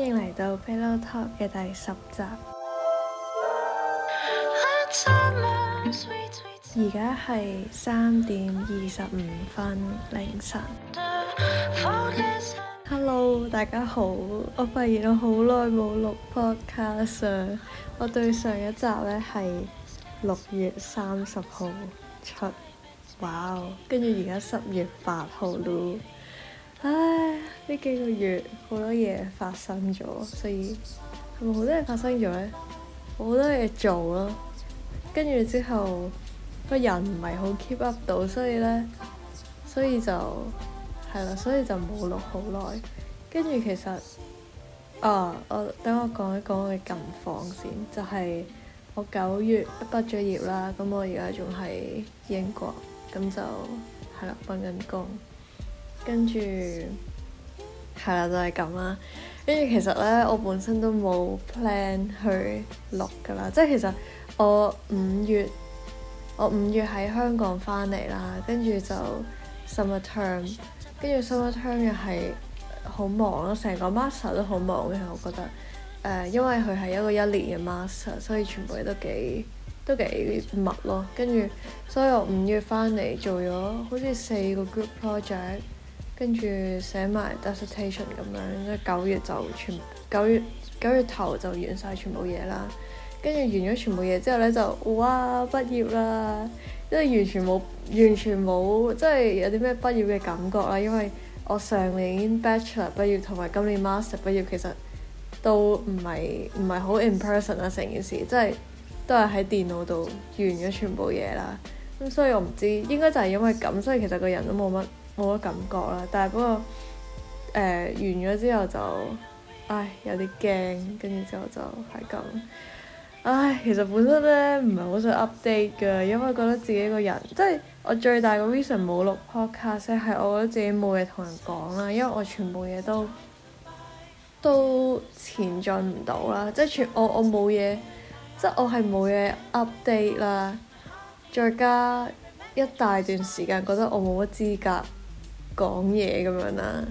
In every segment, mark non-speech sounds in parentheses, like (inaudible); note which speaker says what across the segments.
Speaker 1: 歡迎嚟到《Pillow Talk》嘅第十集。而家係三點二十五分凌晨。 (music) Hello，大家好。我發現我好耐冇錄 Podcast，我對上一集呢係六月三十號出，哇，跟住而家十月八號咯。唉，呢幾個月好多嘢發生咗，所以係咪好多嘢發生咗呢？好多嘢做咯，跟住之後個人唔係好 keep up 到，所以呢，所以就係啦，所以就冇錄好耐。跟住其實，啊，我等我講一講我嘅近況先，就係、是、我九月畢咗業啦，咁我而家仲喺英國，咁就係啦，揾緊工。跟住，係啦、啊，就係咁啦。跟住其實呢，我本身都冇 plan 去錄噶啦。即係其實我五月，我五月喺香港翻嚟啦。跟住就 summer term，跟住 summer term 又係好忙咯。成個 master 都好忙嘅，我覺得。誒、呃，因為佢係一個一年嘅 master，所以全部嘢都幾都幾密咯。跟住，所以我五月翻嚟做咗好似四個 group project。跟住寫埋 dissertation 咁樣，咁九月就全九月九月頭就完晒全部嘢啦。跟住完咗全部嘢之後呢，就哇畢業啦！即係完全冇，完全冇，即係有啲咩畢業嘅感覺啦。因為我上年 bachelor 畢業同埋今年 master 畢業，其實都唔係唔係好 in-person 啦。成件事即係都係喺電腦度完咗全部嘢啦。咁、嗯、所以我唔知，應該就係因為咁，所以其實個人都冇乜。冇乜感覺啦，但係不過誒、呃、完咗之後就唉有啲驚，跟住之後就係咁。唉，其實本身咧唔係好想 update 嘅，因為覺得自己個人即係我最大嘅 reason 冇錄 podcast 係我覺得自己冇嘢同人講啦，因為我全部嘢都都前進唔到啦，即係全我我冇嘢，即係我係冇嘢 update 啦，再加一大段時間覺得我冇乜資格。講嘢咁樣啦，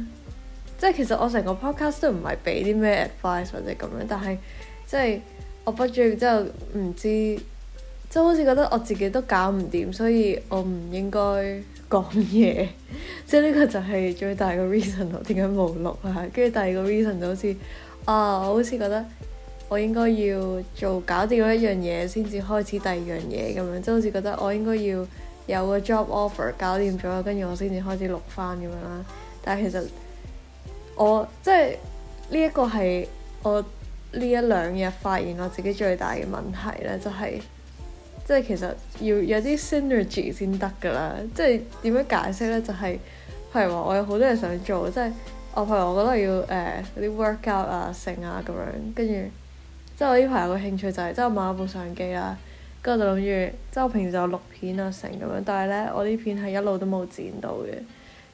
Speaker 1: 即係其實我成個 podcast 都唔係俾啲咩 advice 或者咁樣，但係即係我畢咗業之後唔知，即係好似覺得我自己都搞唔掂，所以我唔應該講嘢， (laughs) (laughs) 即係呢個就係最大嘅 reason 我點解冇錄啊。跟住第二個 reason 就好似啊，我好似覺得我應該要做搞掂一樣嘢先至開始第二樣嘢咁樣，即係好似覺得我應該要。有個 job offer 搞掂咗，跟住我先至開始錄翻咁樣啦。但係其實我即係呢、這個、一個係我呢一兩日發現我自己最大嘅問題咧，就係、是、即係其實要有啲 synergy 先得㗎啦。即係點樣解釋咧？就係、是、譬如話，我有好多嘢想做，即係我譬如我覺得我要誒嗰、呃、啲 workout 啊、勝啊咁樣，跟住即係我呢排有個興趣就係、是、即係我買咗部相機啦。跟住就諗住，即係我平時就錄片啊成咁樣，但係咧我啲片係一路都冇剪到嘅。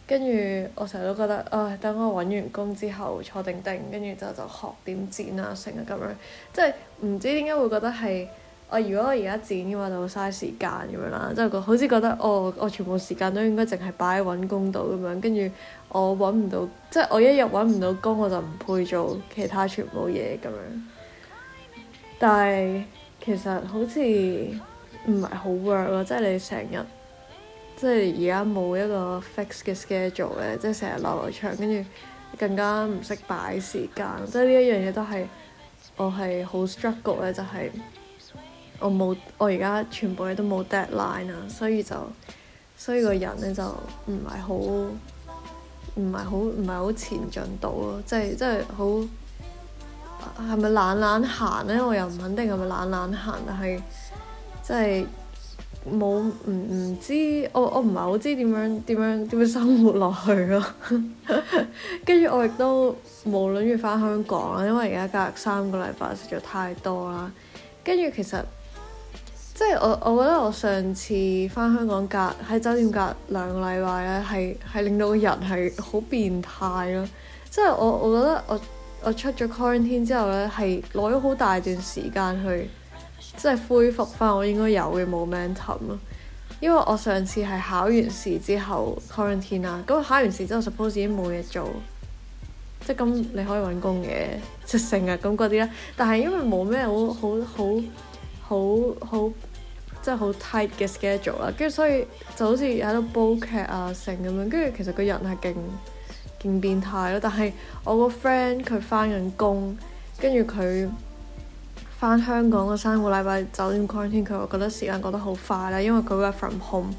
Speaker 1: 跟住我成日都覺得，唉，等我揾完工之後坐定定，跟住之後就學點剪啊成啊咁樣。即係唔知點解會覺得係，我如果我而家剪嘅話就會嘥時間咁樣啦。即係好似覺得，哦，我全部時間都應該淨係擺喺揾工度咁樣，跟住我揾唔到，即係我一日揾唔到工，我就唔配做其他全部嘢咁樣。但係，其實好似唔係好 work 咯，即係你成日即係而家冇一個 fix 嘅 schedule 嘅，即係成日落落搶，跟住更加唔識擺時間，即係呢一樣嘢都係我係好 struggle 咧，就係我冇我而家全部嘢都冇 deadline 啊，所以就所以個人咧就唔係好唔係好唔係好前進到咯，即係即係好。就是係咪懶懶行呢？我又唔肯定係咪懶懶行，但係即係冇唔唔知，我我唔係好知點樣點樣點樣生活落去咯。跟 (laughs) 住我亦都冇諗住翻,香港，因為而家隔三個禮拜實在太多啦。跟住其實即係我我覺得我上次翻香港隔喺酒店隔兩個禮拜呢，係係令到個人係好變態咯。即係我我覺得我。我出咗 quarantine 之後呢，係攞咗好大段時間去，即係恢復翻我應該有嘅 momentum 咯。因為我上次係考完試之後 quarantine 啦，咁考完試之後 suppose 已經冇嘢做，即係咁你可以揾工嘅，即成日咁嗰啲啦。但係因為冇咩好好好好好即係好 tight 嘅 schedule 啦，跟住所以就好似喺度煲劇啊成咁樣，跟住其實個人係勁勁變態咯！但係我個 friend 佢返緊工，跟住佢返香港嗰三個禮拜酒店 quarantine，佢話覺得時間過得好快喇，因為佢 work from home，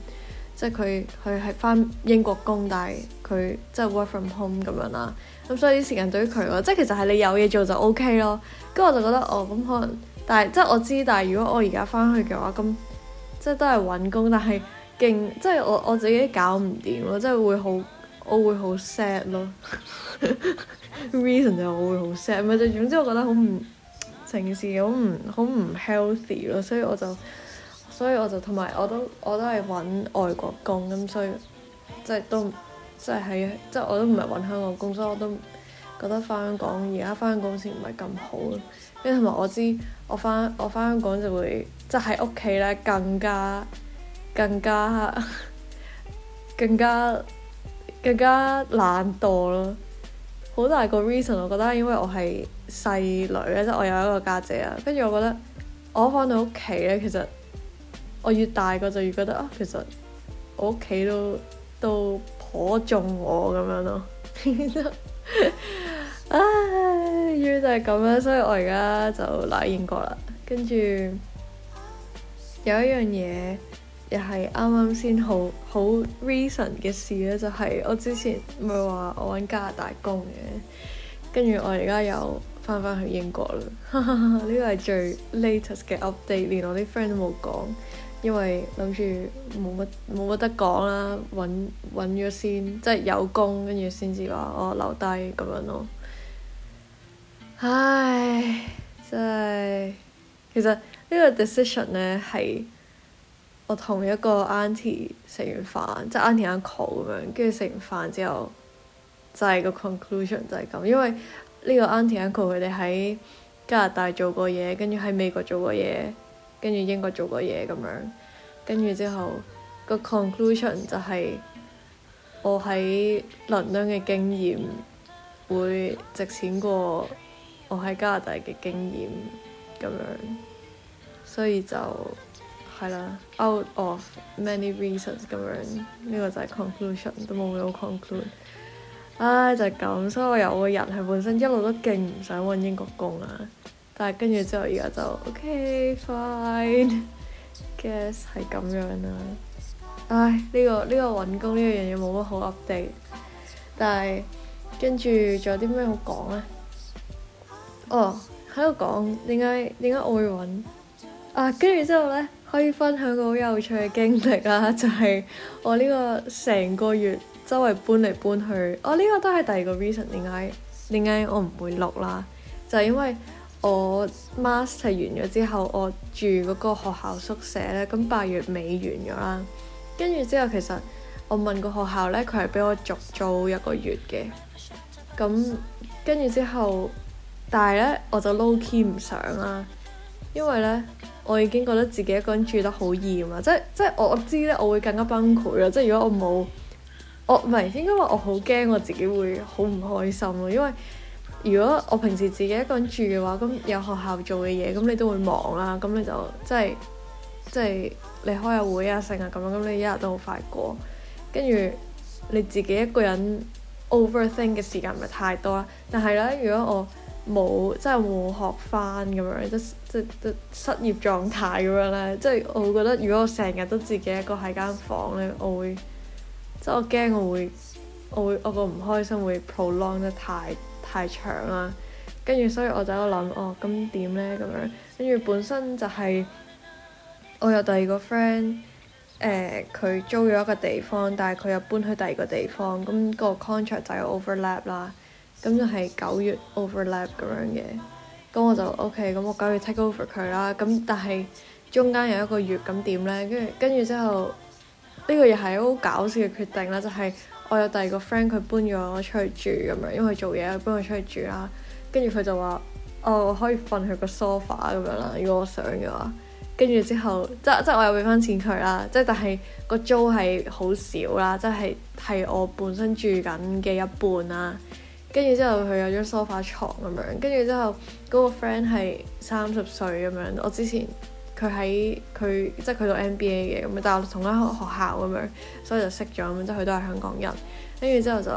Speaker 1: 即係佢佢係返英國工，但係佢即係 work from home 咁樣啦。咁所以啲時間對於佢咯，即係其實係你有嘢做就 OK 咯。跟住我就覺得哦，咁可能，但係即係我知，但係如果我而家返去嘅話，咁即係都係搵工，但係勁即係我我自己搞唔掂咯，即係會好。我會好 sad 咯 (laughs) ，reason 就我會好 sad 咪，就總之我覺得好唔成事，好唔好唔 healthy 咯，所以我就所以我就同埋我都我都係揾外國工咁，所以即係都即係喺即係我都唔係揾香港工，所以我都覺得返香港而家返香港先唔係咁好咯，因為同埋我知我返我返香港就會即係喺屋企咧更加更加更加。更加更加更加懶惰咯，好大個 reason 我覺得，因為我係細女咧，即係我有一個家姐啊，跟住我覺得我返到屋企咧，其實我越大個就越覺得啊，其實我屋企都都頗縱我咁樣咯。唉、 (laughs) (laughs) 啊，原來就係咁樣，所以我而家就嚟英國啦，跟住有一樣嘢。又係啱啱先好好 recent 嘅事咧，就係、是、我之前唔係話我揾加拿大工嘅，跟住我而家又翻返去英國啦。呢個係最 latest 嘅 update，連我啲 friend 都冇講，因為諗住冇乜冇乜得講啦，揾揾咗先，即係有工跟住先至話我留低咁樣咯。唉，真係其實呢個 decision 呢，係。我同一個 auntie 食完飯，即係 auntie uncle 咁樣，跟住食完飯之後，就係個 conclusion 就係咁，因為呢個 auntie uncle 佢哋喺加拿大做過嘢，跟住喺美國做過嘢，跟住英國做過嘢咁樣，跟住之後個 conclusion 就係我喺倫敦嘅經驗會值錢過我喺加拿大嘅經驗咁樣，所以就。係啦，out of many reasons 咁樣，呢、這個就係 conclusion，都冇咩好 conclude。唉、啊，就係、是、咁，所以我有個人係本身一路都勁唔想揾英國工啦，但係跟住之後而家就 OK fine，guess、mm. 係咁樣啦、啊。唉、哎，呢、這個呢、這個揾工呢樣嘢冇乜好 update，但係跟住仲有啲咩好講呢？哦，喺度講點解點解我會揾啊？跟住之後呢。可以分享個好有趣嘅經歷啦，就係、係、我呢個成個月周圍搬嚟搬去，我、哦、呢、呢個都係第二個 reason，點解點解我唔會錄啦？就係、因為我 master 完咗之後，我住嗰個學校宿舍呢，咁八月尾完咗啦，跟住之後其實我問個學校呢，佢係俾我續租一個月嘅，咁跟住之後，但係呢，我就 low key 唔上啦，因為呢。我已經覺得自己一個人住得好厭啊！即係即係我知咧，我會更加崩潰咯！即係如果我冇，我唔係應該話我好驚我自己會好唔開心咯。因為如果我平時自己一個人住嘅話，咁有學校做嘅嘢，咁你都會忙啦、啊。咁你就即係即係你開下會啊，成日咁樣，咁你一日都好快過。跟住你自己一個人 overthink 嘅時間咪太多啦。但係咧，如果我冇，即係冇學翻咁樣，即即即失業狀態咁樣呢？即係我會覺得，如果我成日都自己一個喺間房呢，我會即係我驚我會，我會我個唔開心會 prolong 得太太長啦。跟住所以我就喺度諗，「哦咁點呢？」咁樣。跟住本身就係我有第二個 friend，誒佢租咗一個地方，但係佢又搬去第二個地方，咁個 contract 就有 overlap 啦。咁就係九月 overlap 咁樣嘅，咁我就 OK，咁我九月 take over 佢啦。咁但係中間有一個月咁點呢？跟跟住之後呢個又係好搞笑嘅決定啦，就係我有第二個 friend 佢搬咗我出去住咁樣，因為佢做嘢搬佢出去住啦。跟住佢就話：哦，我可以瞓佢個 sofa 咁樣啦，如果我想嘅話。跟住之後，即即我又俾翻錢佢啦。即但係個租係好少啦，即係係我本身住緊嘅一半啦。跟住之後佢有張梳化床。咁樣，跟住之後嗰個 friend 係三十歲咁樣，我之前佢喺佢即係佢讀 MBA 嘅，咁但係我同一間學,學校咁樣，所以就識咗咁，即係佢都係香港人。跟住之後就，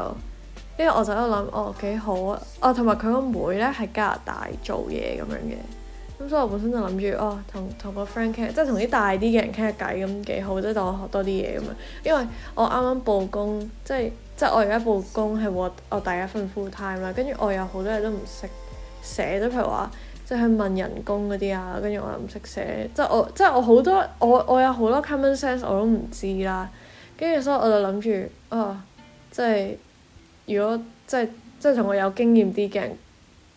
Speaker 1: 因為我就喺度諗，哦幾好啊！哦同埋佢個妹咧係加拿大做嘢咁樣嘅，咁、嗯、所以我本身就諗住，哦同同個 friend 傾，即係同啲大啲嘅人傾下偈咁幾好，即係讓我學多啲嘢咁樣。因為我啱啱報工，即係。即係我而家部工係我我第一份 fulltime 啦，跟住我有好多嘢都唔識寫，都譬如話即係問人工嗰啲啊，跟住我又唔識寫，即係我即係我好多我我有好多 common sense 我都唔知啦，跟住所以我就諗住啊，即係如果即係，即係同我有經驗啲嘅人，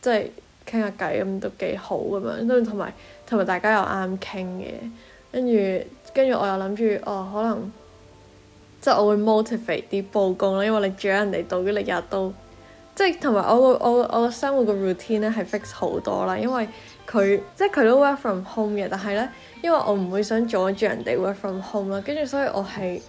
Speaker 1: 即係傾下偈咁都幾好咁樣，跟住同埋同埋大家又啱傾嘅，跟住跟住我又諗住哦可能。即係我會 motivate 啲報工啦，因為你住喺人哋度，跟住你日都，即係同埋我個我我生活個 routine 咧係 fix 好多啦，因為佢即係佢都 work from home 嘅，但係咧，因為我唔會想阻住人哋 work from home 啦，跟住所以我係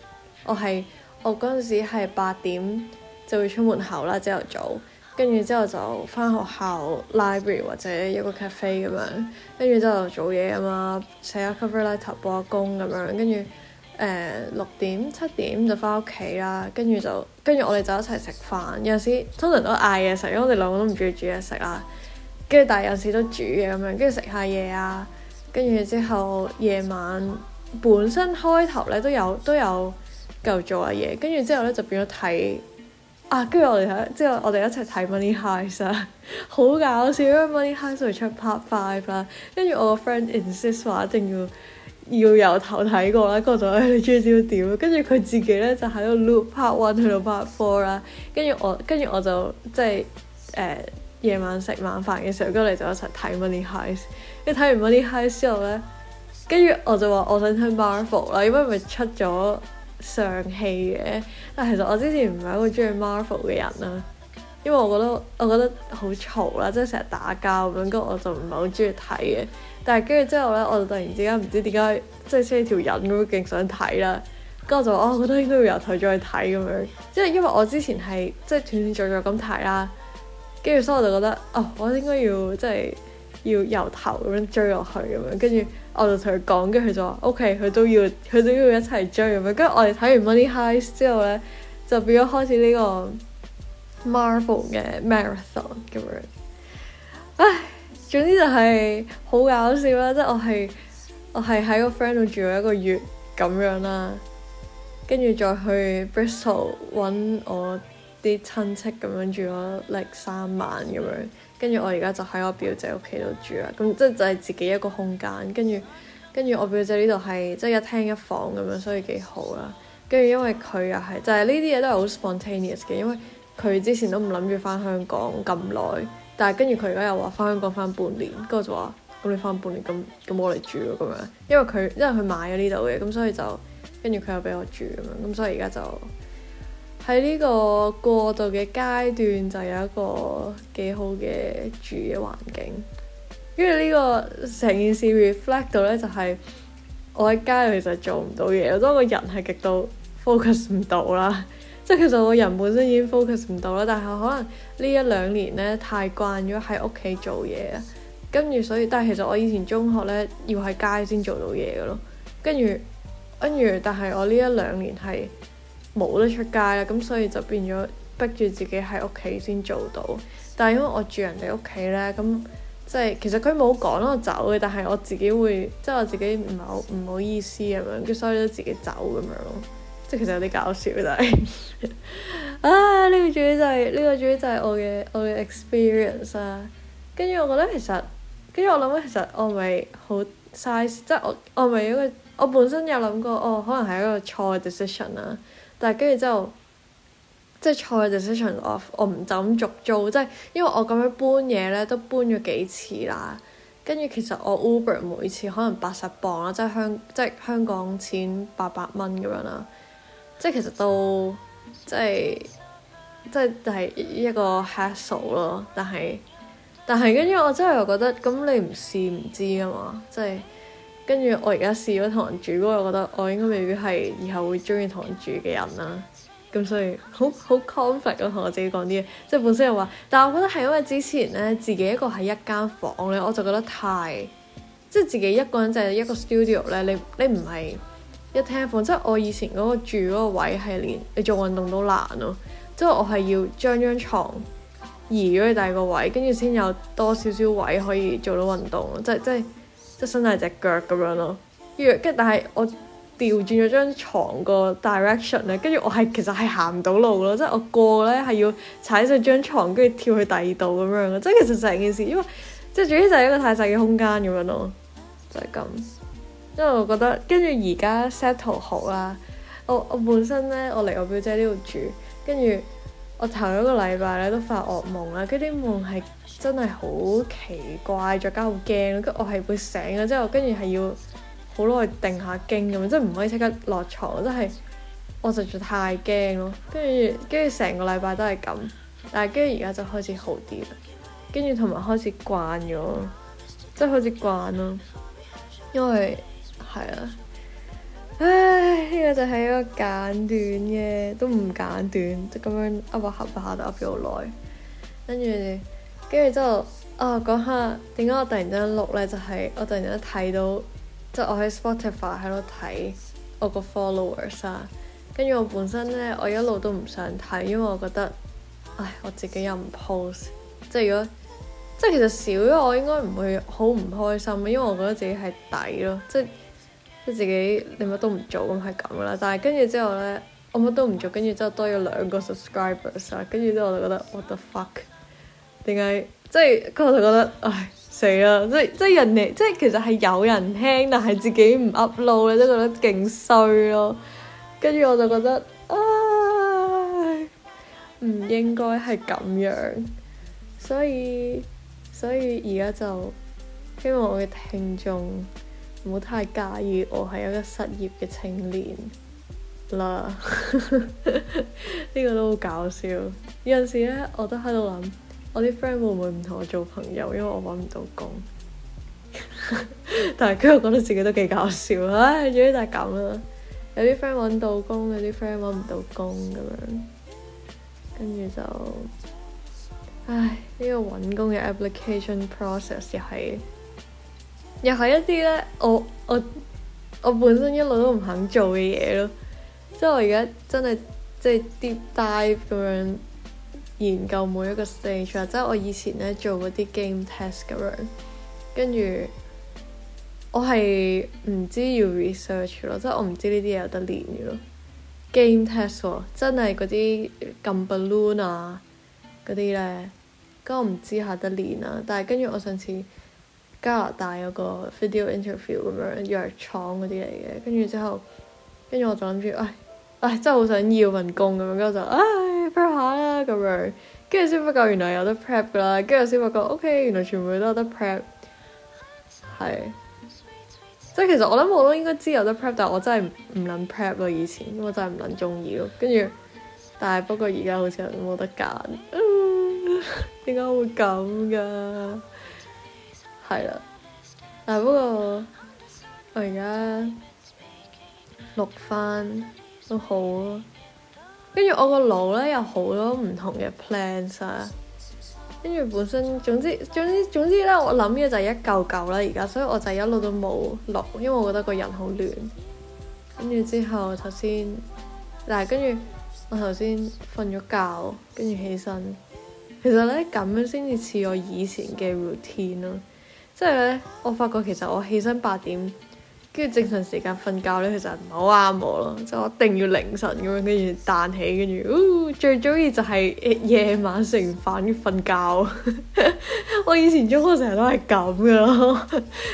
Speaker 1: 我係我嗰陣時係八點就會出門口啦，朝頭早，跟住之後就翻學校 library 或者一個 cafe 咁樣，跟住之後就做嘢啊嘛，寫下 cover letter 報下工咁樣，跟住。誒六點七點就翻屋企啦，跟住就跟住我哋就一齊食飯。有時通常都嗌嘢食，因為我哋兩個都唔中意煮嘢食啦。跟住但係有時都煮嘢咁樣，跟住食下嘢啊。跟住之後夜晚本身開頭咧都有都有夠做下嘢，跟住之後咧就變咗睇啊。跟住我哋睇之後，我哋一齊睇 Money Heist 啦，啊， (laughs) 好搞笑。因為 Money Heist 佢出 Part Five 啦，跟住我個 friend insist 話一定要。要由頭睇過啦，我就、哎、就 loop, 1, 4，啦，嗰種咧你知唔知道點？跟住佢自己咧就喺度 loop part one 去到 part four 啦，跟住我跟住我就即係誒夜晚食晚飯嘅時候，跟住你就一齊睇《Money Heist》。跟住睇完《Money Heist》之後咧，跟住我就話我想睇 Marvel 啦，因為咪出咗上戲嘅。但其實我之前唔係好中意 Marvel 嘅人啦，因為我覺得我覺得好嘈啦，即係成日打交咁樣，跟住我就唔係好中意睇嘅。但係跟住之後咧，我就突然之間唔知點解，即係似條人咁，勁想睇啦。跟住我就哦，覺得應該要由頭再睇咁樣，即係因為我之前係即係斷斷續續咁睇啦。跟住所以我就覺得，哦，我應該要即係要由頭咁樣追落去咁樣。跟住我就同佢講，跟住佢就話：OK，佢都要，佢都要一齊追咁樣。跟住我哋睇完 Money Heist 之後咧，就變咗開始呢個 Marvel 嘅 marathon 咁樣。唉。總之就係、是、好搞笑啦，即係我係我係喺個 friend 度住咗一個月咁樣啦，跟住再去 Bristol 揾我啲親戚咁樣住咗 like 三晚咁樣，跟住、like、我而家就喺我表姐屋企度住啦，咁即係就係自己一個空間，跟住跟住我表姐呢度係即係一廳一房咁樣，所以幾好啦，跟住因為佢又係就係呢啲嘢都係好 spontaneous 嘅，因為佢之前都唔諗住翻香港咁耐。但係跟住佢而家又話翻香港翻半年，跟住就話咁你翻半年，咁咁我嚟住咯咁樣，因為佢因為佢買咗呢度嘅，咁所以就跟住佢又俾我住咁樣，咁所以而家就喺呢個過渡嘅階段就有一個幾好嘅住嘅環境。跟住呢個成件事 reflect 到呢，就係我喺街其實做唔到嘢，我當個人係極度 focus 唔到啦。即係其實我人本身已經 focus 唔到啦，但係可能一兩呢一兩年咧，太慣咗喺屋企做嘢啊，跟住所以，但係其實我以前中學咧要喺街先做到嘢嘅咯，跟住跟住，但係我呢一兩年係冇得出街啦，咁所以就變咗逼住自己喺屋企先做到。但係因為我住人哋屋企咧，咁即係其實佢冇講我走嘅，但係我自己會即係、就是、我自己唔好唔好意思咁樣，跟所以都自己走咁樣咯。其實有啲搞笑，就係 (laughs) 啊！呢、呢個主意就係、是、呢、呢個主意就係我嘅我嘅 experience 啦、啊。跟住我覺得其實，跟住我諗咧，其實我咪好嘥，即係我我咪一個我本身有諗過，哦，可能係一個錯嘅 decision 啦、啊。但係跟住之後，即係錯嘅 decision of 我唔就咁續租，即係因為我咁樣搬嘢咧，都搬咗幾次啦。跟住其實我 Uber 每次可能八十磅啦，即係香即係香港錢八百蚊咁樣啦。即係其實都，即係即係係一個 hassle 咯。但係但係跟住我真係又覺得，咁你唔試唔知啊嘛。即係跟住我而家試咗同人住，嗰個我覺得我應該未必係以後會中意同人住嘅人啦。咁所以好好 conflict 我同我自己講啲嘢。即係本身又話，但係我覺得係因為之前咧自己一個喺一間房咧，我就覺得太即係自己一個人就係一個 studio 咧，你你唔係。一廳房，即係我以前嗰個住嗰個位係連你做運動都難咯、啊，即係我係要將張床移咗去第二個位，跟住先有多少少位可以做到運動，即係即係即係伸大隻腳咁樣咯、啊。跟住但係我調轉咗張床個 direction 咧，跟住我係其實係行唔到路咯，即係我過咧係要踩上張床，跟住跳去第二度咁樣，即係其實成件事，因為即係主要就係一個太細嘅空間咁樣咯、啊，就係、是、咁。因為我覺得跟住而家 settle 好啦。我我本身呢，我嚟我表姐呢度住，跟住我頭一個禮拜咧都發噩夢啦。跟啲夢係真係好奇怪，再加好驚，跟住我係會醒嘅，之後跟住係要好耐定下驚咁，即係唔可以即刻落床。真係我實在太驚咯。跟住跟住成個禮拜都係咁，但係跟住而家就開始好啲啦。跟住同埋開始慣咗，即係開始慣咯，因為。係啊，唉，呢個就係一個簡短嘅，都唔簡短，即咁樣 up 下 up 下就 up 咗好耐。跟住，跟住之後啊，講下點解我突然間錄呢？就係我突然間睇到，即我喺 Spotify 喺度睇我個 followers 啊。跟住我本身呢，我一路都唔想睇，因為我覺得唉，我自己又唔 post，即如果即其實少咗，我應該唔會好唔開心，因為我覺得自己係抵咯，即。即自己你乜都唔做咁係咁噶啦，但係跟住之後咧我乜都唔做，跟住之後多咗兩個 subscribers 啊，跟住之後我就覺得 what the fuck？點解即係跟住我就覺得唉死啦！即即人哋即其實係有人聽，但係自己唔 upload 咧，你都覺得勁衰咯。跟住我就覺得唉，唔應該係咁樣。所以所以而家就希望我嘅聽眾。唔好太介意，我係一個失業嘅青年啦。呢 (laughs) 個都好搞笑。有陣時呢，我都喺度諗，我啲 friend 會唔會唔同我做朋友，因為我揾唔到工。 (laughs) 但係佢又覺得自己都幾搞笑。唉、哎，總之就係咁啦。有啲 friend 揾到工，有啲 friend 揾唔到工咁樣。跟住就，唉，呢、呢個揾工嘅 application process 又係。又係一啲咧，我我我本身一路都唔肯做嘅嘢咯，即係我而家真係即係 deep dive 咁樣研究每一個 stage 啊，即係我以前咧做嗰啲 game test 咁樣，跟住我係唔知要 research 咯、啊，即係我唔知呢啲嘢有得練嘅咯、啊、game test、啊、真係嗰啲撳 balloon 啊嗰啲咧，咁我唔知下得練啊，但係跟住我上次，加拿大有個 video interview 咁樣，藥廠嗰啲嚟嘅，跟住之後，跟住我就諗住，唉、哎，唉、哎，真係好想要份工咁、哎、樣，跟住就，唉 prepare 啦咁樣，跟住先發覺，原來有得 prepare 噶啦，跟住先發覺，OK，原來全部都有得 prepare 係，即係其實我諗我都應該知有得 prepare 但係我真係唔能 prepare 咯以前，我真係唔能中意咯，跟住，但係不過而家好似冇得揀，點、啊、解會咁㗎？係啦，但係，不過我而家錄翻都好，跟住我個腦咧有好多唔同嘅 plans 啊，跟住、啊、本身總之總之總之咧，我諗嘅就一嚿嚿啦，而家所以我就一路都冇錄，因為我覺得個人好亂，跟住之後頭先但係，跟住我頭先瞓咗覺，跟住起身，其實咧咁樣先至似我以前嘅 routine 咯、啊。即係咧，我發覺其實我起身八點，跟住正常時間瞓覺咧，其實唔係好啱我咯。即係我一定要凌晨咁樣跟住彈起，跟住、呃，最中意就係、是呃、夜晚食完飯嘅瞓覺。 (laughs) 我以前中學成日都係咁噶咯，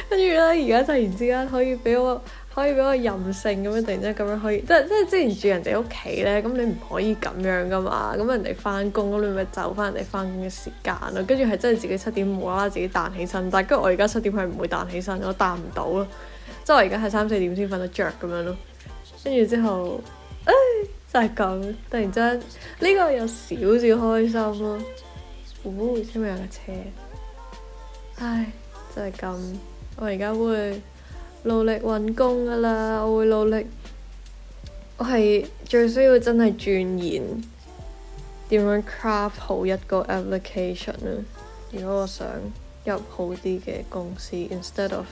Speaker 1: 跟住咧而家突然之間可以俾我。可以俾我任性咁樣突然之間咁樣可以，即係即係之前住人哋屋企咧，咁你唔可以咁樣噶嘛？咁人哋翻工，咁你咪就翻人哋翻工嘅時間咯。跟住係真係自己七點冇啦啦自己彈起身，但係跟住我而家七點係唔會彈起身，我彈唔到咯。即係我而家係三四點先瞓得着咁樣咯。跟住之後，唉，真係咁。突然之間呢、呢個有少少開心咯、啊。唔好車咩架車？唉，真係咁。我而家會。努力揾工噶啦，我會努力。我係最需要真係鑽研點樣 craft 好一個 application。如果我想入好啲嘅公司，instead of，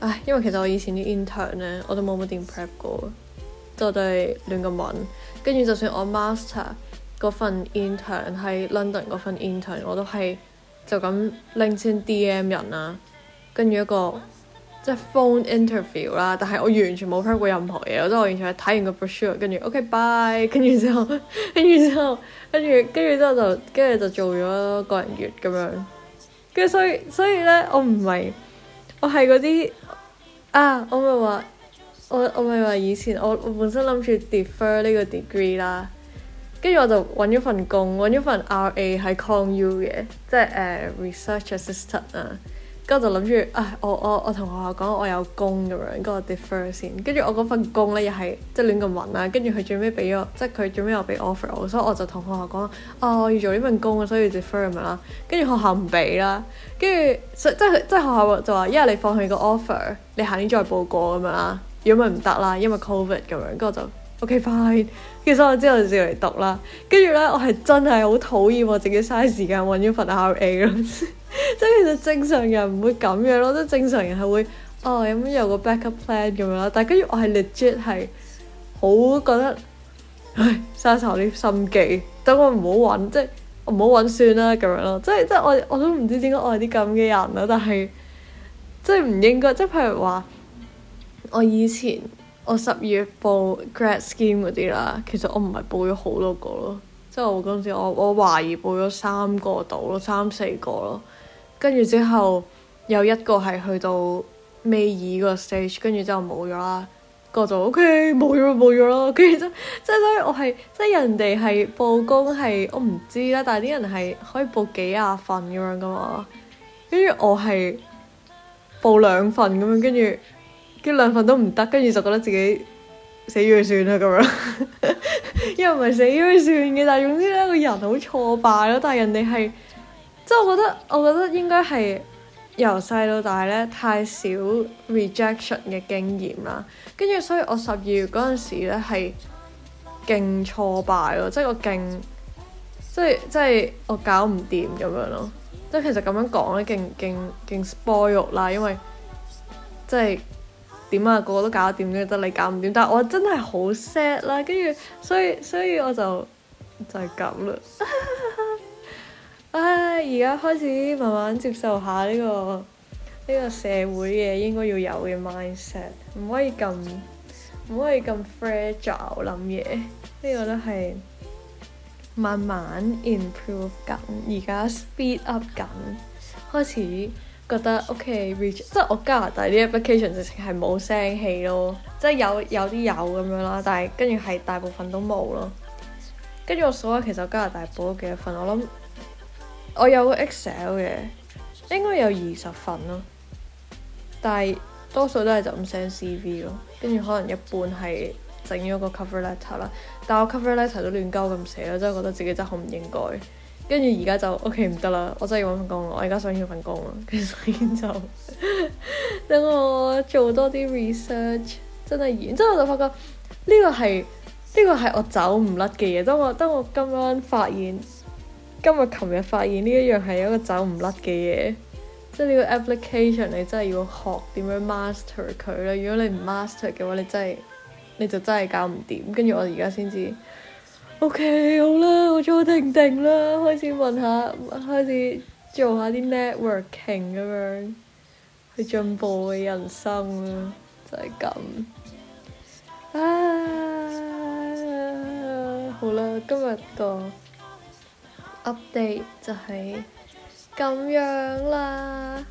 Speaker 1: 唉、啊，因為其實我以前啲 intern 呢，我都冇乜點 prep 過，就係亂咁揾。跟住就算我 master 嗰份 intern 喺 London 嗰份 intern，我都係就咁 LinkedIn DM 人啊，跟住一個。即係 phone interview 啦，但係我完全冇聽過任何嘢，即係 (music) 我，我完全睇完個 proposal 跟住 OK bye，跟住之後，跟住之後，跟住跟住之後就跟住就，就做咗個人月咁樣。跟住所以所以咧，我唔係我係嗰啲啊，我咪係話我我咪係話以前我我本身諗住 defer 呢個 degree 啦，跟住我就揾咗份工，揾咗份 RA 係 Con U 嘅，即係誒、uh, research assistant 啊。跟住我就諗住啊，我我我同學校講我有工咁樣，跟住我 defer 先。跟住我嗰份工咧又係即亂咁揾啦。跟住佢最尾俾咗，即係佢最尾又俾 offer 我，所以我就同學校講啊、哦，我要做呢份工，所以 defer 咁樣啦。跟住學校唔俾啦。跟住即即係學校就話：，一係你放棄個 offer，你下年再報過咁樣啦。如果咪唔得啦，因為 covid 咁樣。跟住我就 ok fine。其實我知道就嚟讀啦。跟住咧，我係真係好討厭我自己嘥時間揾咗份 RA 咯。即係其實正常人唔會咁樣咯，即係正常人係會哦有冇有個 backup plan 咁樣啦。但係跟住我係 legit 係好覺得唉嘥晒我啲心機，等我唔好揾，即係唔好揾算啦咁樣咯。即係即係我我都唔知點解我係啲咁嘅人啦，但係即係唔應該。即係譬如話我以前我十二月報 grad scheme 嗰啲啦，其實我唔係報咗好多個咯，即係我嗰陣時我我懷疑報咗三個度咯，三四個咯。跟住之後有一個係去到尾二個 stage，跟住之後冇咗啦，個就 O K 冇咗啦冇咗啦，跟住之即即所以我係即人哋係報工，係我唔知啦，但係啲人係可以報幾廿份咁樣噶嘛，跟住我係報兩份咁樣，跟住跟兩份都唔得，跟住就覺得自己死咗算啦咁樣， (laughs) 又唔係死咗算嘅，但係總之呢個人好挫敗咯，但係人哋係。即係我覺得，我覺得應該係由細到大咧太少 rejection 嘅經驗啦，跟住所以我十二月嗰陣時咧係勁挫敗咯，即係我勁，即係即係我搞唔掂咁樣咯。即係其實咁樣講咧，勁勁勁 spoil 肉啦，因為即係點啊，個個都搞掂都得，你搞唔掂。但係我真係好 sad 啦，跟住所以所以我就就係咁啦。 (laughs) 唉，而家、啊、開始慢慢接受下呢、呢個呢、呢個社會嘅應該要有嘅 mindset，唔可以咁，唔可以咁 fragile 諗嘢。呢、呢個都係慢慢 improve 緊，而家 speed up 緊，開始覺得 OK reach 即係我加拿大啲 application 直情係冇聲氣咯，即係有，有啲有咁樣啦，但係跟住係大部分都冇咯。跟住我數下，其實我加拿大報咗幾多份，我諗。我有 Excel 嘅，應該有二十份咯，但係多數都係就咁 send CV 咯，跟住可能一半係整咗個 cover letter 啦，但我 cover letter 都亂鳩咁寫咯，真係覺得自己真係好唔應該。跟住而家就屋企唔得啦，我真係要揾份工啦，我而家想要份工啦，跟住所以就等 (laughs) (laughs) 我做多啲 research，真係然之後我就發覺呢、這個係呢、這個係我走唔甩嘅嘢，當我當我今晚發現。今日琴日發現呢一樣係一個走唔甩嘅嘢，即係呢個 application 你真係要學點樣 master 佢啦。如果你唔 master 嘅話，你真係你就真係搞唔掂。跟住我而家先知，OK 好啦，我做定定啦，開始問下，開始做下啲 networking 咁樣去進步嘅人生啦，就係咁。唉，好啦，今日個。Update 就係咁樣啦。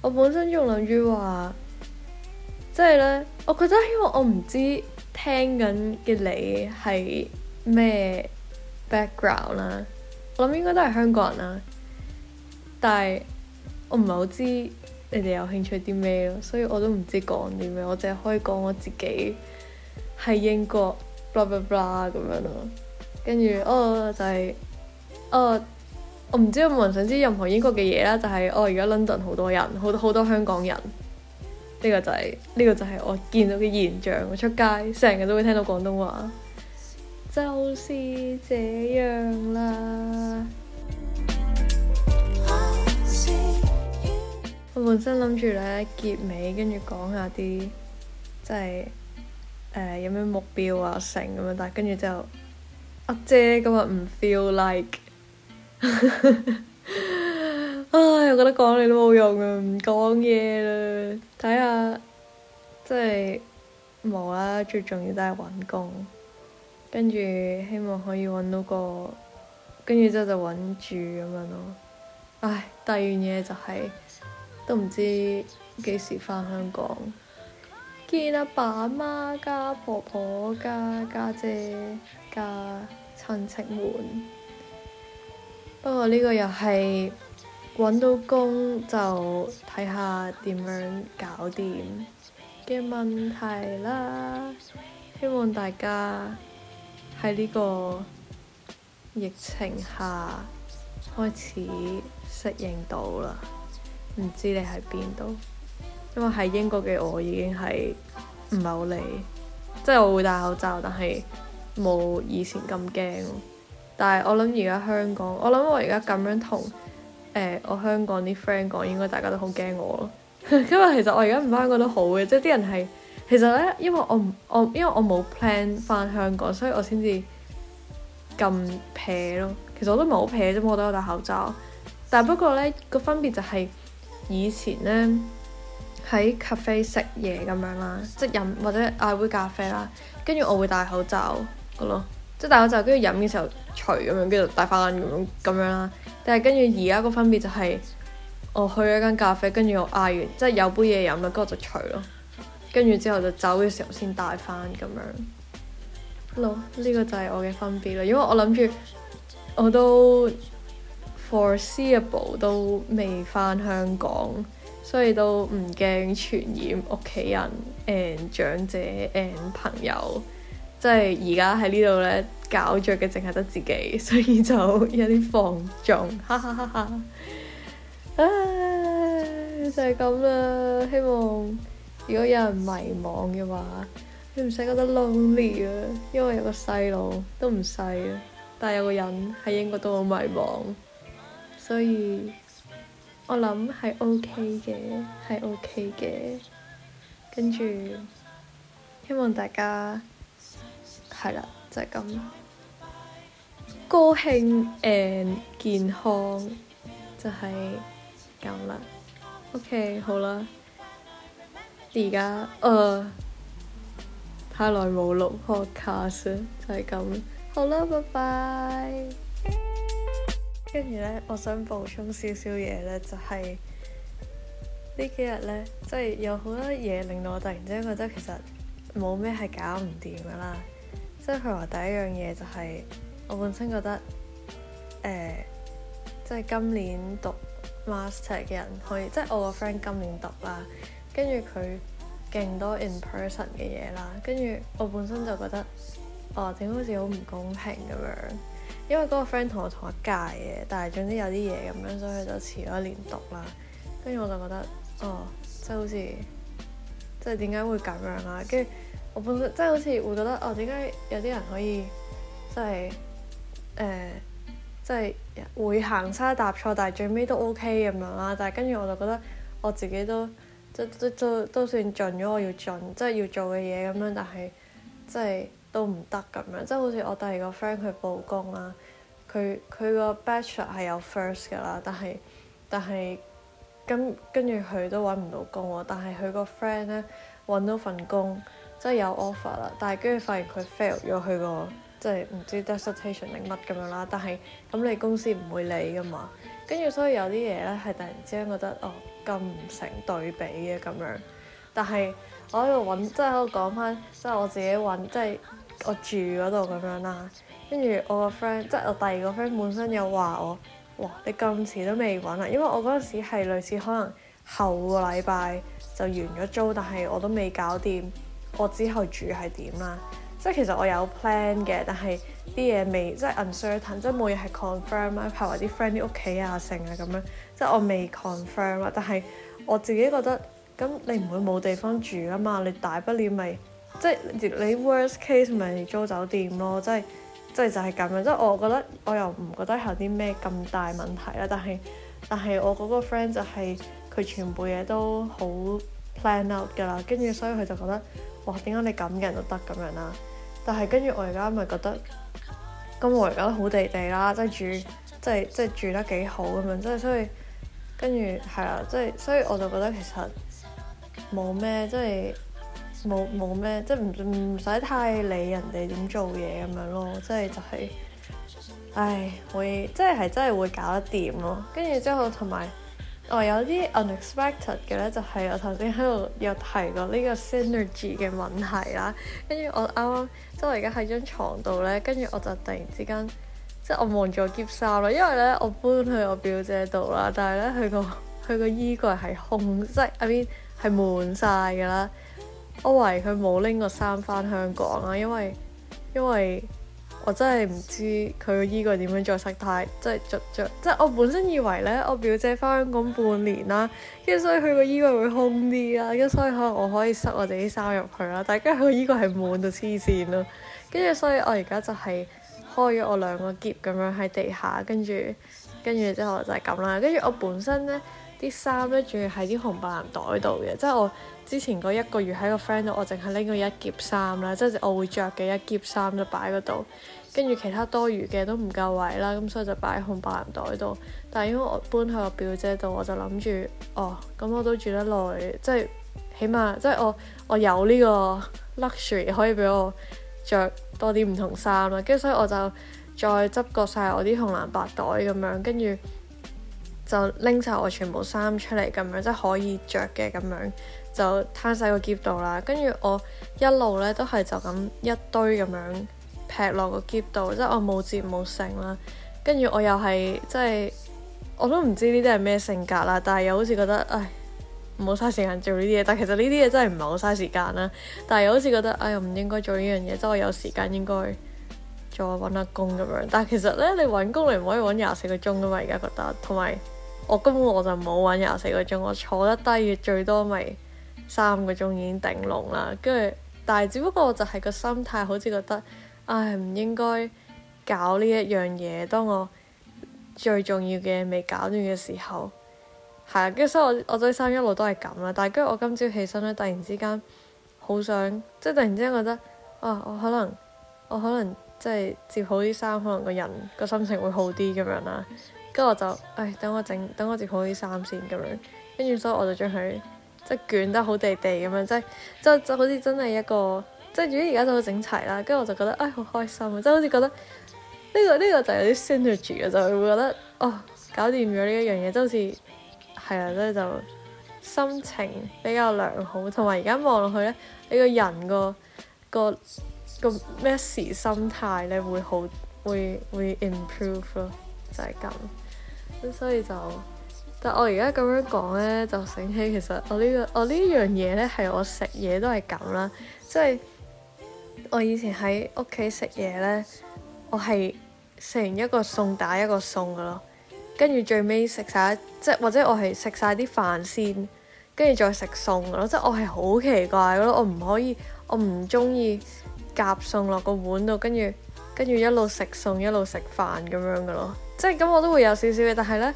Speaker 1: 我本身仲諗住話，即係呢，我覺得因為我唔知聽緊嘅你係咩 background 啦，我諗應該都係香港人啦。但係我唔係好知你哋有興趣啲咩咯，所以我都唔知講啲咩，我淨係可以講我自己係英國，blah blah blah 咁樣咯，跟住哦就係、是。我唔知有冇人想知任何英國嘅嘢啦，就係我而家 London 好多人，好多好多香港人，呢個就係呢個就係我見到嘅現象。我出街成日都會聽到廣東話，就是這樣啦。我本身諗住咧，結尾，跟住講下啲即係有咩目標啊，成咁樣，但係跟住之後就阿姐今日唔 feel like。 (laughs) 唉，我覺得講你都冇用啊，唔講嘢啦。睇下即係冇啦，最重要都係揾工，跟住希望可以揾到個，跟住之後就揾住咁樣咯。唉，第二樣嘢就係、是、都唔知幾時翻香港，見阿爸阿媽、家婆婆、家家姐、家親戚們。不過呢個又係揾到工就睇下點樣搞掂嘅問題啦。希望大家喺呢個疫情下開始適應到啦。唔知你喺邊度？因為喺英國嘅我已經係唔係好理，即係我會戴口罩，但係冇以前咁驚。但係我諗而家香港，我諗我而家咁樣同誒我、呃、我香港啲 friend 講，應該大家都好驚我咯。 (laughs) 因為其實我而家唔翻覺得好嘅，即係啲人係其實咧，因為我唔我因為我冇 plan 翻香港，所以我先至咁撇咯。其實我都唔係好撇啫，我都有戴口罩。但不過咧、個分別就係以前咧喺 cafe 食嘢咁樣啦，即係飲或者嗌杯咖啡啦，跟住我會戴口罩噶咯。即係但我就跟住飲嘅時候除，咁樣，跟住帶翻咁樣咁樣啦。但係跟住而家個分別就係、是，我去咗間咖啡，跟住我嗌完即係有杯嘢飲啦，跟住我就除咯。跟住之後就走嘅時候先帶翻咁樣。好，呢個就係我嘅分別啦。因為我諗住我都 foreseeable 都未翻香港，所以都唔驚傳染屋企人、and 長者、and 朋友。即係而家喺呢度呢，搞着嘅淨係得自己，所以就有啲放縱，哈哈哈，哈！唉、哎，就係咁啦。希望如果有人迷惘嘅話，你唔使覺得 lonely 啊，因為有個細佬都唔細啊，但係有個人喺英國都好迷惘，所以我諗係 OK 嘅，係 OK 嘅。跟住希望大家。係啦，就係、是、咁高興，誒，健康就係咁啦。OK，好啦，而家誒太耐冇錄，我卡先，就係、是、咁、okay，好啦、呃就是，拜拜。跟住咧，我想補充少少嘢咧，就係、是、呢幾日咧，即、就、係、是、有好多嘢令到我突然之間覺得其實冇咩係搞唔掂噶啦。即係佢話第一樣嘢就係我本身覺得誒、呃，即係今年讀 master 嘅人可以，即係我個 friend 今年讀啦，跟住佢勁多 in person 嘅嘢啦，跟住我本身就覺得哦點好似好唔公平咁樣，因為嗰個 friend 同我同一屆嘅，但係總之有啲嘢咁樣，所以佢就遲咗一年讀啦，跟住我就覺得哦，即係好似即係點解會咁樣啦，跟住。我本身即係好似會覺得哦，點解有啲人可以即係誒，即係、呃、會行差踏錯，但係最尾都 O K 咁樣啦。但係跟住我就覺得我自己都即都都都算盡咗我要盡即係要做嘅嘢咁樣，但係即係都唔得咁樣。即係好似我第二個 friend 佢報工啦、啊，佢佢個 bachelor 係有 first 噶啦，但係但係跟跟住佢都揾唔到工喎、啊。但係佢個 friend 咧揾到份工。即係有 offer 啦，但係跟住發現佢 fail 咗佢個即係唔知 dissertation 定乜咁樣啦。但係咁你公司唔會理噶嘛。跟住所以有啲嘢咧係突然之間覺得哦咁唔成對比嘅咁樣。但係我喺度揾，即係喺度講翻，即係我自己揾，即係我住嗰度咁樣啦。跟住我個 friend，即係我第二個 friend 本身有話我哇你咁遲都未揾啊，因為我嗰陣時係類似可能後個禮拜就完咗租，但係我都未搞掂。我之後住係點啦？即係其實我有 plan 嘅，但係啲嘢未即係 uncertain，即係冇嘢係 confirm 啦。譬如啲 friend 啲屋企啊，成啊咁樣，即係我未 confirm 啦。但係我自己覺得咁你唔會冇地方住啊嘛？你大不了咪即係你 worst case 咪租酒店咯，即係即係就係咁樣。即係我覺得我又唔覺得有啲咩咁大問題啦。但係但係我嗰個 friend 就係、是、佢全部嘢都好 plan out 㗎啦，跟住所以佢就覺得。哇，點解你咁嘅人都得咁樣啦？但係跟住我而家咪覺得，咁我而家都好地地啦，即係住，即係即係住得幾好咁樣，即係所以跟住係啦，即係所以我就覺得其實冇咩、就係就係，即係冇冇咩，即係唔唔使太理人哋點做嘢咁樣咯，即係就係、係，唉，會即係係真係會搞得掂咯。跟住之後同埋。我、oh，有啲 unexpected 嘅咧，就係、是、我頭先喺度有提過呢個 synergy 嘅問題啦。跟住我啱啱即係我而家喺張床度咧，跟住我就突然之間即係我望住我夾衫咯，因為咧我搬去我表姐度啦，但係咧佢個佢個衣櫃係空，即阿邊係滿晒㗎啦。我懷疑佢冇拎個衫翻香港啦，因為因為。我真係唔知佢個衣櫃點樣再塞太，即係着着。即係我本身以為咧，我表姐翻香港半年啦，跟住所以佢個衣櫃會空啲啦，跟所以可能我可以塞我哋啲衫入去啦。但係因為佢個衣櫃係滿到黐線咯，跟住所以我而家就係開咗我兩個夾咁樣喺地下，跟住跟住之後就係咁啦。跟住我本身咧啲衫咧仲要喺啲紅白藍袋度嘅，即係我之前嗰一個月喺個 friend 度，我淨係拎過一夾衫啦，即係我會着嘅一夾衫就擺喺嗰度。跟住其他多餘嘅都唔夠位啦，咁所以就擺喺紅白藍袋度。但係因為我搬去我表姐度，我就諗住哦，咁我都住得耐，即係起碼即係我我有呢個 luxury 可以俾我着多啲唔同衫啦。跟住所以我就再執過晒我啲紅藍白袋咁樣，跟住就拎晒我全部衫出嚟咁樣，即係可以着嘅咁樣，就攤晒個篋度啦。跟住我一路呢都係就咁一堆咁樣。劈落個篋度，即係我冇節冇成啦。跟住我又係即係我都唔知呢啲係咩性格啦。但係又好似覺得唉，冇嘥時間做呢啲嘢。但係其實呢啲嘢真係唔係好嘥時間啦。但係又好似覺得唉，唔應該做呢樣嘢。即係我有時間應該再揾下工咁樣。但係其實呢，你揾工你唔可以揾廿四個鐘噶嘛。而家覺得同埋我根本我就冇揾廿四個鐘。我坐得低嘅最多咪三個鐘已經頂籠啦。跟住但係只不過就係個心態好似覺得。唉，唔應該搞呢一樣嘢。當我最重要嘅未搞完嘅時候，係啊，跟住，所以我，我我對衫一路都係咁啦。但係跟住我今朝起身咧，突然之間好想，即係突然之間覺得，啊，我可能我可能即係、就是、接好啲衫，可能個人個心情會好啲咁樣啦。跟住我就，唉，等我整，等我接好啲衫先咁樣。跟住所以我就將佢即係卷得好地地咁樣，即係即就，就好似真係一個。即係，至於而家就好整齊啦，跟住我就覺得唉，好、哎、開心好、這個這個 synergy，哦這個、啊！即係好似覺得呢個呢個就有啲 synergy 啊，就會覺得哦，搞掂咗呢一樣嘢，即係係啊，所以就心情比較良好。同埋而家望落去咧，你、這個人個個個咩事心態咧會好，會會 improve 咯，就係咁。咁所以就，但我而家咁樣講咧，就醒起其實我，這個、我個呢個我呢樣嘢咧係我食嘢都係咁啦，即係。我以前喺屋企食嘢呢，我係食完一個餸打一個餸噶咯，跟住最尾食晒，即，或者我係食晒啲飯先，跟住再食餸噶咯。即我係好奇怪咯，我唔可以，我唔中意夾餸落個碗度，跟住跟住一路食餸一路食飯咁樣噶咯。即咁我都會有少少嘅，但係呢，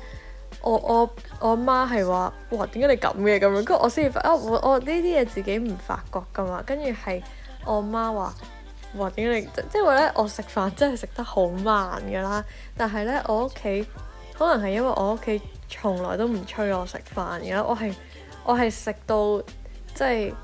Speaker 1: 我我我媽係話：哇，點解你咁嘅咁樣？跟住我先至發，啊、我我呢啲嘢自己唔發覺噶嘛，跟住係。我媽話：話點你？即係因為咧，我食飯真係食得好慢㗎啦。但係咧，我屋企可能係因為我屋企從來都唔催我食飯嘅，我係我係食到即係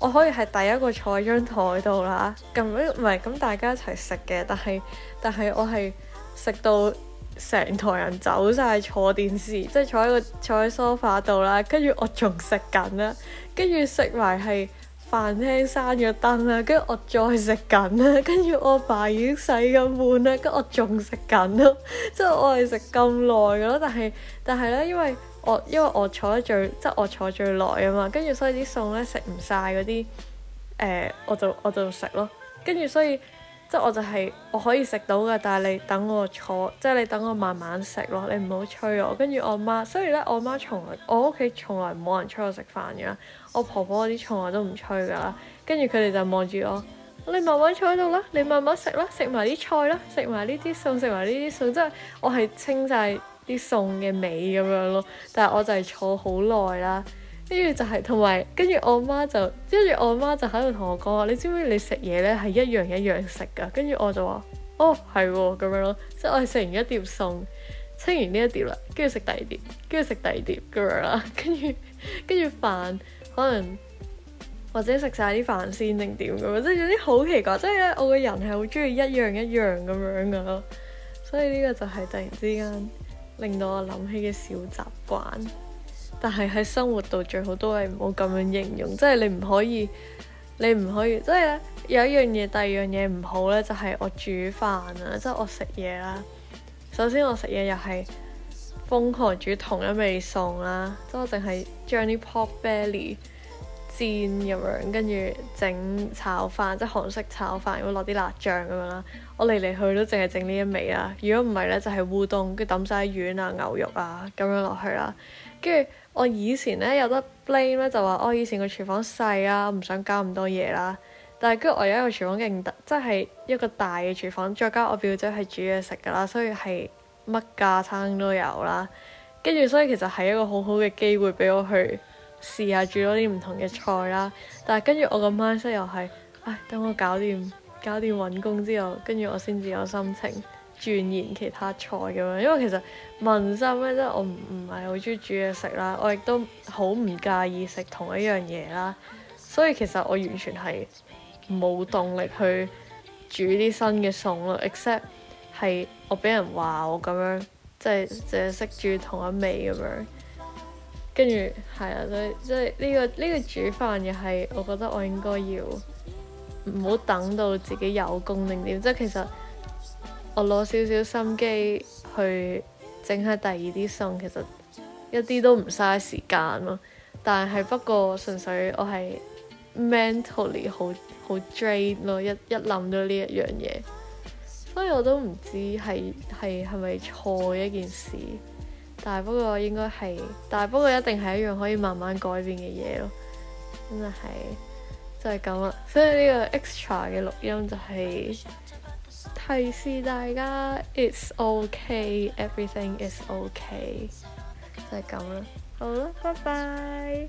Speaker 1: 我可以係第一個坐喺張台度啦。咁唔係咁大家一齊食嘅，但係但係我係食到成枱人走晒，坐電視，即係坐喺個坐喺梳化度啦。跟住我仲食緊啦，跟住食埋係。飯廳閂咗燈啦，跟住我再食緊啦，跟住我爸，爸已經洗緊碗啦，跟住我仲食緊咯，即 (laughs) 係我係食咁耐噶咯，但係但係呢，因為我因為我坐得最，即係我坐最耐啊嘛，跟住所以啲餸咧食唔晒嗰啲，誒，我就我就食咯，跟住所以即係我就係我可以食到噶，但係你等我坐，即係你等我慢慢食咯，你唔好催我，跟住我媽，所以呢，我媽從來我屋企從來冇人催我食飯噶。我婆婆嗰啲菜我都唔吹噶，跟住佢哋就望住我，你慢慢坐喺度啦，你慢慢食啦，食埋啲菜啦，食埋呢啲餸，食埋呢啲餸，即係我係清晒啲餸嘅尾咁樣咯。但係我就係坐好耐啦，就是、跟住就係同埋跟住我媽就跟住我媽就喺度同我講話，你知唔知你食嘢呢係一樣一樣食噶？跟住我就話哦係喎咁樣咯，即係我係食完一碟餸，清完呢一碟啦，跟住食第二碟，跟住食第二碟咁樣啦，跟住跟住飯。可能或者食晒啲飯先定點咁，即係有啲好奇怪，即係咧我個人係好中意一樣一樣咁樣噶囉，所以呢個就係突然之間令到我諗起嘅小習慣。但係喺生活度最好都係唔好咁樣形容，即係你唔可以，你唔可以，即係咧有一樣嘢，第二樣嘢唔好咧就係我煮飯啊，即係我食嘢啦。首先我食嘢又係。瘋狂煮同一味餸啦，即我淨係將啲 pork belly 煎咁樣，跟住整炒飯，即係韓式炒飯，會落啲辣醬咁樣啦。我嚟嚟去都淨係整呢一味啦。如果唔係呢，就係烏冬，跟住抌曬丸啊、牛肉啊咁樣落去啦。跟住我以前呢，有得 blame 咧，就話我以前個廚房細啊，唔想加咁多嘢啦。但係跟住我而家個廚房勁大，即係一個大嘅廚房，再加我表姐係煮嘢食噶啦，所以係。乜架餐都有啦，跟住所以其實係一個好好嘅機會俾我去試下煮多啲唔同嘅菜啦。但係跟住我個 mindset 又係，唉，等我搞掂搞掂搵工之後，跟住我先至有心情鑽研其他菜咁樣。因為其實問心咧，即係我唔唔係好鍾意煮嘢食啦，我亦都好唔介意食同一樣嘢啦，所以其實我完全係冇動力去煮啲新嘅餸咯，except。係我俾人話我咁樣，即係淨係識煮同一味咁樣，跟住係啊，即即係呢個呢個煮飯又係我覺得我應該要唔好等到自己有工定點，即係其實我攞少少心機去整下第二啲餸，其實一啲都唔嘥時間咯。但係不過純粹我係 mentally 好好 drain 咯，一一諗到呢一樣嘢。所以我都唔知係係係咪錯一件事，但係不過應該係，但係不過一定係一樣可以慢慢改變嘅嘢咯。真係就係就係咁啦。所以呢個 extra 嘅錄音就係、係、提示大家，it's okay，everything is okay。就係咁啦，好啦，拜拜。